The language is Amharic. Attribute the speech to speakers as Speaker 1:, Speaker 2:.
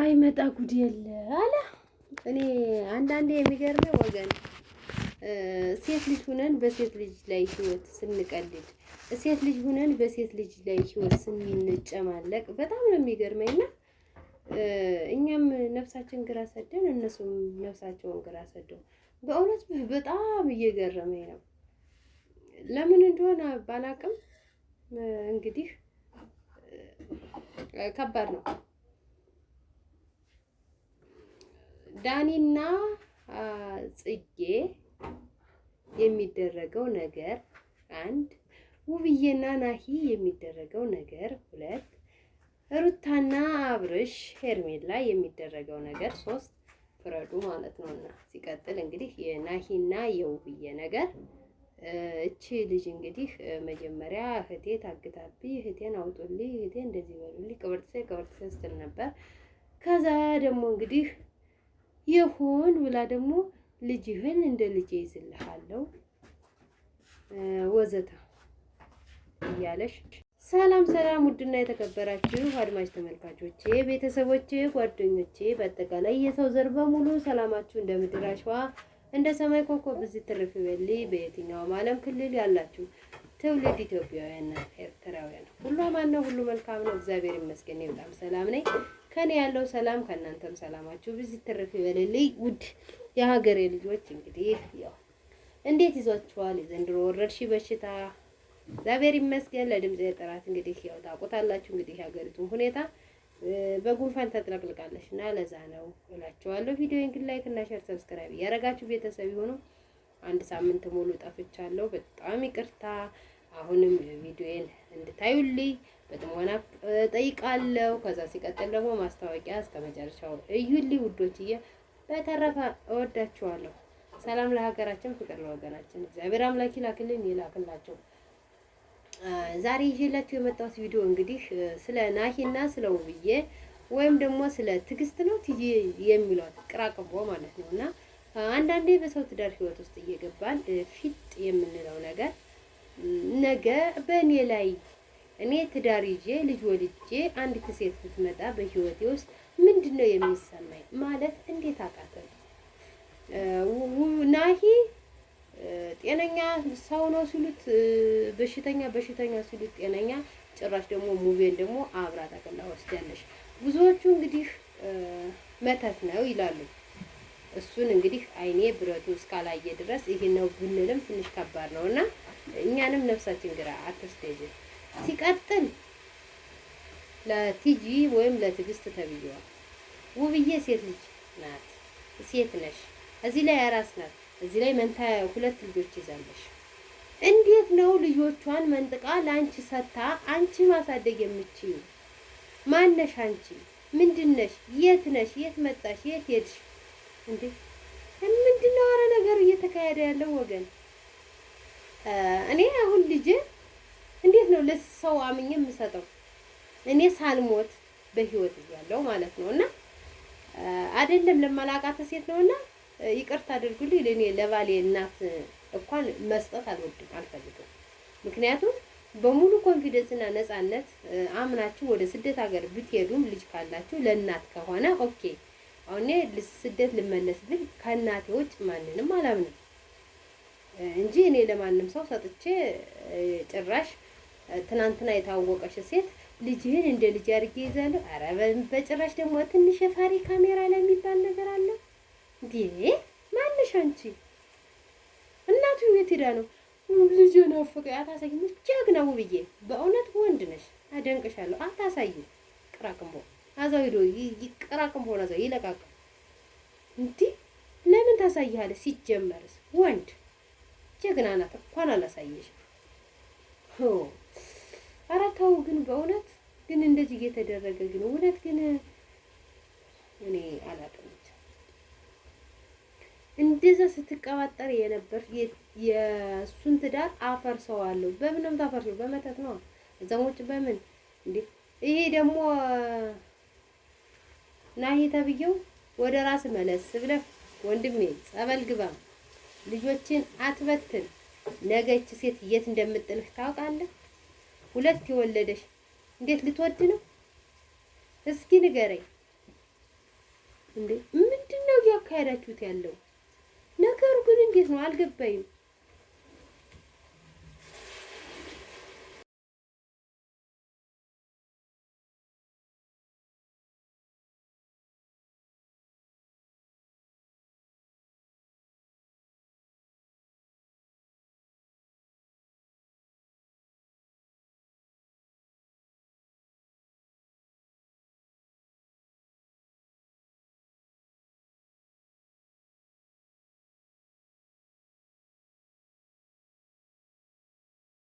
Speaker 1: አይ መጣ ጉድ የለ አለ። እኔ አንዳንዴ የሚገርመኝ ወገን ሴት ልጅ ሁነን በሴት ልጅ ላይ ህይወት ስንቀልድ፣ ሴት ልጅ ሁነን በሴት ልጅ ላይ ህይወት ስንጨማለቅ በጣም ነው የሚገርመኝና እኛም ነፍሳችን ግራ ሰደን እነሱም ነፍሳቸውን ግራ ሰደው፣ በእውነት በጣም እየገረመኝ ነው። ለምን እንደሆነ ባላቅም እንግዲህ ከባድ ነው። ዳኒና ጽጌ የሚደረገው ነገር አንድ፣ ውብዬና ናሂ የሚደረገው ነገር ሁለት፣ ሩታና አብርሽ ሄርሜላ የሚደረገው ነገር ሶስት። ፍረዱ ማለት እና ሲቀጥል እንግዲህ የናሂና የውብዬ ነገር እቺ ልጅ እንግዲህ መጀመሪያ እህቴ ታግታብኝ፣ እህቴን አውጡልኝ፣ እህቴ እንደዚህ በሉልኝ፣ ቅብርት ቅብርት ስትል ነበር። ከዛ ደግሞ እንግዲህ ይሁን ብላ ደግሞ ልጅህን እንደ ልጅ ይዝልሃለው ወዘተ እያለሽ ሰላም ሰላም፣ ውድና የተከበራችሁ አድማጭ ተመልካቾቼ፣ ቤተሰቦቼ፣ ጓደኞቼ በአጠቃላይ የሰው ዘር በሙሉ ሰላማችሁ እንደ ምድር አሸዋ እንደ ሰማይ ኮከብ ብዙ ትርፍ ይበል። በየትኛውም ዓለም ክልል ያላችሁ ትውልድ ኢትዮጵያውያንና ኤርትራውያን ሁሉ አማን ነው፣ ሁሉ መልካም ነው። እግዚአብሔር ይመስገን በጣም ሰላም ነኝ። ከኔ ያለው ሰላም ከእናንተም ሰላማችሁ ብዙ ትርፍ ይበልልኝ። ውድ የሀገሬ ልጆች እንግዲህ ያው እንዴት ይዟችኋል የዘንድሮ ወረርሺ በሽታ? እግዚአብሔር ይመስገን ለድምፅ የጥራት እንግዲህ ያው ታውቁታላችሁ። እንግዲህ የሀገሪቱን ሁኔታ በጉንፋን ተጥለቅልቃለች እና ለዛ ነው እላችኋለሁ። ቪዲዮ ግን ላይክ እና ሼር፣ ሰብስክራይብ እያደረጋችሁ ቤተሰብ የሆኑ አንድ ሳምንት ሙሉ ጠፍቻለሁ። በጣም ይቅርታ አሁንም ቪዲዮዬን እንድታዩልኝ በጥሞና ጠይቃለሁ። ከዛ ሲቀጥል ደግሞ ማስታወቂያ እስከ መጨረሻው እዩልኝ ውዶችዬ። በተረፈ እወዳችኋለሁ። ሰላም ለሀገራችን፣ ፍቅር ለወገናችን እግዚአብሔር አምላክ ይላክልን ይላክላቸው። ዛሬ ይዤላችሁ የመጣሁት ቪዲዮ እንግዲህ ስለ ናሂና ስለ ውብዬ ወይም ደግሞ ስለ ትግስት ነው ትይ የሚሏት ቅራቅቦ ማለት ነው እና አንዳንዴ በሰው ትዳር ህይወት ውስጥ እየገባን ፊጥ የምንለው ነገር ነገ በእኔ ላይ እኔ ትዳር ይዤ ልጅ ወልጄ አንዲት ሴት ብትመጣ በህይወቴ ውስጥ ምንድን ነው የሚሰማኝ? ማለት እንዴት አቃተል ናሂ ጤነኛ ሰው ነው ሲሉት በሽተኛ፣ በሽተኛ ሲሉት ጤነኛ፣ ጭራሽ ደግሞ ሙቤን ደግሞ አብራ ጠቅላ ወስዳለች። ብዙዎቹ እንግዲህ መተት ነው ይላሉ። እሱን እንግዲህ አይኔ ብረቱ እስካላየ ድረስ ይሄ ነው ብንልም ትንሽ ከባድ ነው እና እኛንም ነፍሳችን ግራ አትስቴጅ። ሲቀጥል ለቲጂ ወይም ለትዕግስት ተብዬዋል። ውብዬ ሴት ልጅ ናት፣ ሴት ነሽ። እዚህ ላይ አራስ ናት። እዚህ ላይ መንታ ሁለት ልጆች ይዛለሽ። እንዴት ነው ልጆቿን መንጥቃ ለአንቺ ሰታ አንቺ ማሳደግ የምችይው? ማነሽ አንቺ? ምንድነሽ? የት ነሽ? የት መጣሽ? የት ሄድሽ? እንዴ ምንድነው? አረ ነገር እየተካሄደ ያለው ወገን እኔ አሁን ልጅ እንዴት ነው ለሰው አምኜ የምሰጠው? እኔ ሳልሞት በህይወት እያለሁ ማለት ነው። እና አይደለም ለማላቃተ ሴት ነውና ይቅርታ አድርጉልኝ፣ ለኔ ለባሌ እናት እንኳን መስጠት አልወድም አልፈልግም። ምክንያቱም በሙሉ ኮንፊደንስ እና ነፃነት አምናችሁ ወደ ስደት ሀገር ብትሄዱም ልጅ ካላችሁ ለእናት ከሆነ ኦኬ። አሁን ስደት ልመለስ ብል ከእናቴ ውጭ ማንንም አላምንም። እንጂ እኔ ለማንም ሰው ሰጥቼ ጭራሽ ትናንትና የታወቀች ሴት ልጅህን እንደ ልጅ አድርጌ ይዛለሁ። ኧረ በጭራሽ ደግሞ ትንሽ የፋሪ ካሜራ ላይ የሚባል ነገር አለ እንዴ? ማንሽ አንቺ እናቱ ቤት ሄዳ ነው ልጅ ናፈቀ። አታሳይም፣ ጀግና ውብዬ፣ በእውነት ወንድ ነሽ፣ አደንቅሻለሁ። አታሳይ ቅራቅምቦ አዛው ሄዶ ቅራቅምቦ አዛው ይለቃቅም እንዲህ ለምን ታሳይሃለህ? ሲጀመርስ ወንድ ጀግና ናት። እንኳን አላሳየሽም። ኧረ ተው ግን በእውነት ግን እንደዚህ እየተደረገ ግን እውነት ግን እኔ አላውቅም። እንደዛ ስትቀባጠር የነበር የእሱን ትዳር አፈርሰዋለሁ። በምንም ታፈርሰው በመተት ነው ዘሞች በምን እንዴ! ይሄ ደግሞ ናሂ ተብዬው ወደ ራስ መለስ ብለህ ወንድሜ ጸበል ግባ። ልጆችን አትበትን። ነገች ሴት የት እንደምጥልህ ታውቃለህ። ሁለት የወለደሽ እንዴት ልትወድ ነው? እስኪ ንገረኝ። እንዴ ምንድን ነው እያካሄዳችሁት ያለው? ነገሩ ግን እንዴት ነው አልገባኝም።